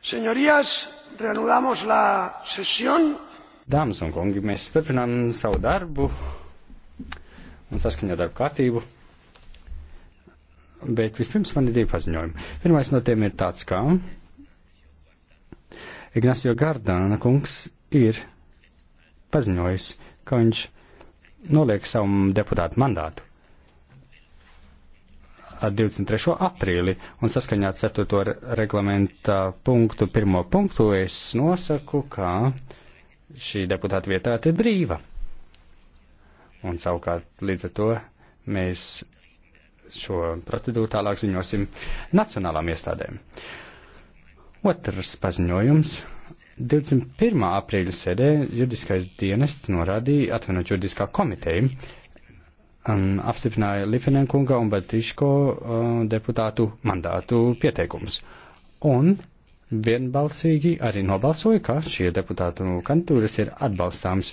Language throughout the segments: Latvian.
Señorías, reanudamos la sesión. Dāmas un kungi, mēs turpinām savu darbu un saskaņā darbu kārtību. Bet vispirms man ir divi paziņojumi. Pirmais no tiem ir tāds, kā Ignacio Gardāna kungs ir paziņojis, ka viņš noliek savu deputātu mandātu ar 23. aprīli, un saskaņā 4. reglamenta punktu, pirmo punktu, es nosaku, ka šī deputāta vietā ir brīva. Un savukārt līdz ar to mēs šo procedūru tālāk ziņosim nacionālām iestādēm. Otrs paziņojums. 21. aprīļa sēdē juridiskais dienests norādīja, atvainot juridiskā komiteja, um, apstiprināja Lifinenkunga un Batiško uh, deputātu mandātu pieteikums. Un vienbalsīgi arī nobalsoja, ka šie deputātu kandidatūras ir atbalstāms.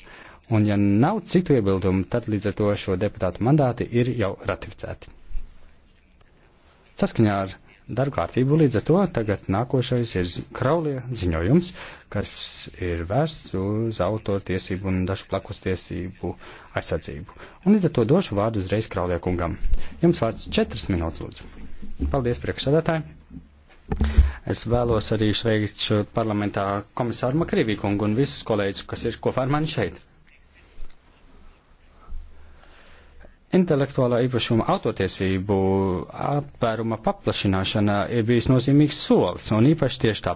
Un ja nav citu iebildumu, tad līdz ar to šo deputātu mandāti ir jau ratificēti. Saskaņā ar darba kārtību. Līdz ar to tagad nākošais ir Kraulie ziņojums, kas ir vērsts uz autortiesību un dažu plakus tiesību aizsardzību. Un līdz ar to došu vārdu uzreiz Kraulie kungam. Jums vārds četras minūtes, lūdzu. Paldies, priekšsēdētāji! Es vēlos arī sveikt parlamentā komisāru Makrīvīkungu un visus kolēģus, kas ir kopā ar mani šeit. Intelektuālā īpašuma autotiesību aptvēruma paplašināšana ir bijis nozīmīgs solis, un īpaši tieši tā